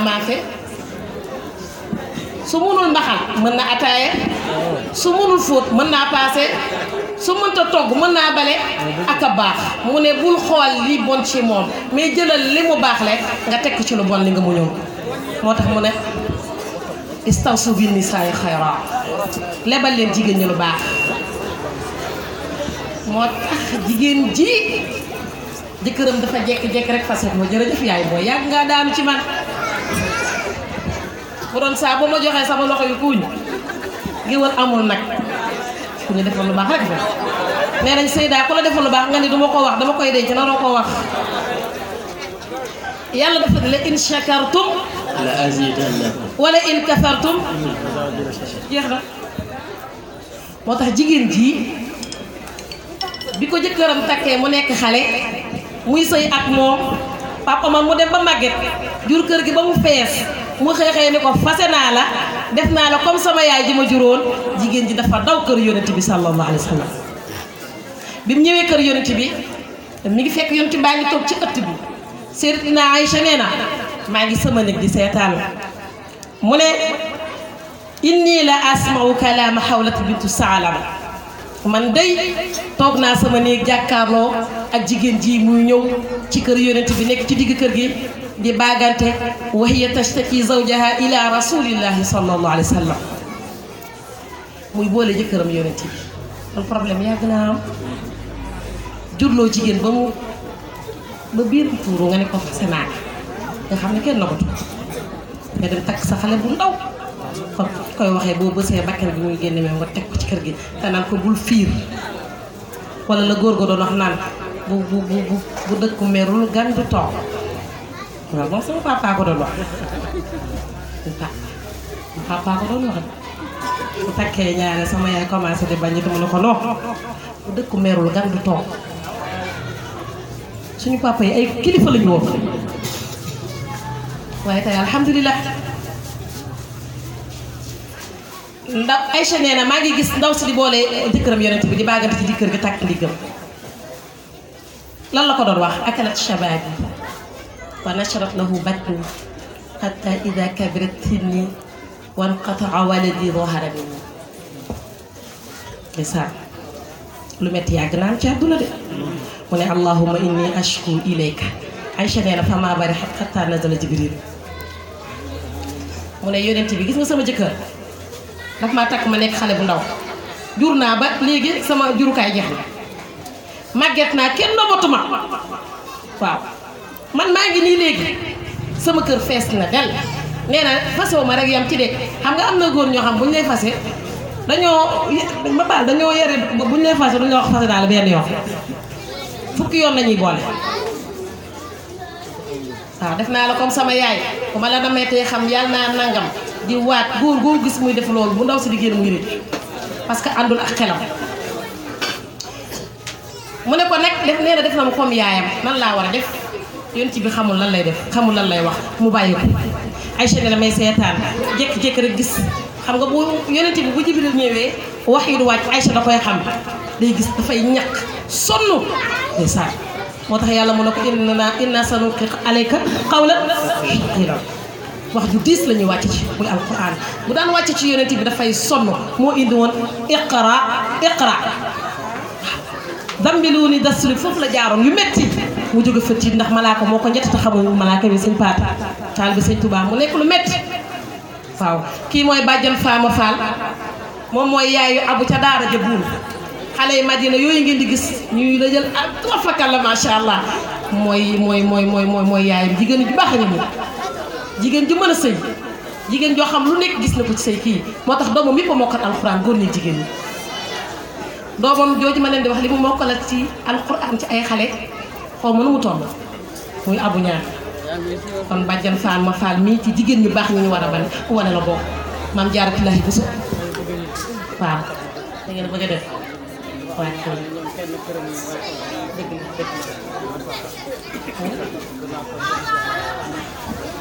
maafe su munul mbaxal mën na ataaye su munul fóot mën naa paase su mënta togg mën naa bale ak a baax mu ne bul xool li bon ci moom mais jëlal li mu baax rekk nga tekk ci lu bon li nga mu ñëw moo tax mu ne istawsu bin nisaa'i xayra lebal leen jigéen ñi lu baax moo tax jigéen ji jëkkëram dafa jekk-jekk rek faset ma jëf yaay booy yàgg ngaa daanu ci man bu doon saa bu ma joxee sama loxo yi kuuñ géwël amul nag ku ñu defal lu baax rek fa nee nañ Seyda ku la defal lu baax nga ni duma ko wax dama koy denc naroo ko wax yàlla dafa ne la in shakartum la azidannakum in kafartum moo tax jigéen ji bi ko jëkkëram takkee mu nekk xale muy sëy ak moom papa ma mu dem ba màgget jur kër gi ba mu fees mu xeexee ni ko fase naa la def naa la comme sama yaay ji ma juróon jigéen ji dafa daw kër yonent bi sallallahu alayhi wa bi mu ñëwee kër yonent bi mi ngi fekk yonent baa ngi toog ci ëtt bi Seydina Aïcha na maa ngi sama néeg di seetaan mu ne inni la asmau kalaama xawlat bintu saalama man day toog naa sama néeg jàkkaarloo ak jigéen ji muy ñëw ci kër yonent bi nekk ci digg kër gi di baagante wa hiya tashtaki zawjaha ila rasulillahi sallallahu alayhi wa muy boole jëkkëram yonent bi problème yàgg naa am jurloo jigéen ba mu ba biir bi tuuru nga ne ko fase naa nga xam ne kenn na ko tudd nga dem takk sa xale bu ndaw kon koy waxee boo bësee bakkan bi muy génne nga teg ko ci kër gi te naan ko bul fiir wala la góor ga doon naan bu bu bu bu dëkku merul gan du toog waaw man sama papa ko doon wax sama papa ko doon wax bu takkee ñaare sama yaay commencé di bañ it mu ne ko non bu dëkku gan du toog suñu papa yi ay kilifa lañu woon waaye tey alhamdulilah ndaw Aïcha maa ngi gis ndaw si di boole jëkkëram bi di baagante ci jëkkër gi tàkk ndiggam lan la ko doon wax akalat shabaab ونشرح له بطني حتى إذا كبرت سني وانقطع ولدي ظهر مني ndeysaan lu métti yàgg naan ci àdduna de mu ne allahuma inni ashku ilayka Aïcha nee na fa maa bari xat xattaa nazala jibril mu ne yonent bi gis nga sama jëkkër daf maa takk ma nekk xale bu ndaw jur naa ba léegi sama jurukaay jeex na màgget naa kenn nobatu ma waaw man maa ngi nii léegi sama kër fees na del nee na fasoo ma rek yam ci de xam nga am na góor ñoo xam bu ñu lay fase dañoo ma baal dañoo yore bu ñu lay fase dañoo wax fase daal benn yoon fukki yoon la ñuy boole waaw def naa la comme sama yaay bu ma la dametee xam yàlla naa nangam di waat góor góor gis muy def loolu bu ndaw si di génn muy rëcc parce que àndul ak xelam mu ne ko nag def nee na def na ma comme yaayam man laa war a def yonent bi xamul lan lay def xamul lan lay wax mu bàyyi ko Aïcha ne la may seetaan jékki-jékki rek gis xam nga bu yonent bi bu Jibril ñëwee wax yi du wàcc Aïcha xam day gis dafay ñàkk sonn moo tax yàlla mu ne ko inna inna sanulqi alayka qawlan thaqilan wax ju diis la ñuy wàcc ci muy alquran bu daan wàcc ci yonent bi dafay sonn moo indi woon iqra iqra dambilu ni dasli foofu la jaaroon yu metti mu jóge fa tiit ndax malaaka moo ko njëtt te xamul malaaka bi sëñ paata taal bi sëñ Tuubaa mu nekk lu metti waaw kii mooy bàjjan faama faal moom mooy yaayu abu ca daara ja buur xale yi yooyu ngeen di gis ñuy la jël macha allah mooy mooy mooy mooy mooy mooy yaayam jigéen ju baax a ñëw jigéen ju mën a sëy jigéen joo xam lu nekk gis na ko ci sëy kii moo tax doomam yëpp a mokkal alxuraan góor ñi jigéen ñi doomam jooju ma leen di wax li mu mokkal ak ci alquran ci ay xale xaw ma nu mu toll muy abu ñaar kon bàjjan faal ma faal mii ci jigéen ñu baax ñu ñu war a ba wane la bokk maam jaaratullahi bu su waaw a def waaw dëgg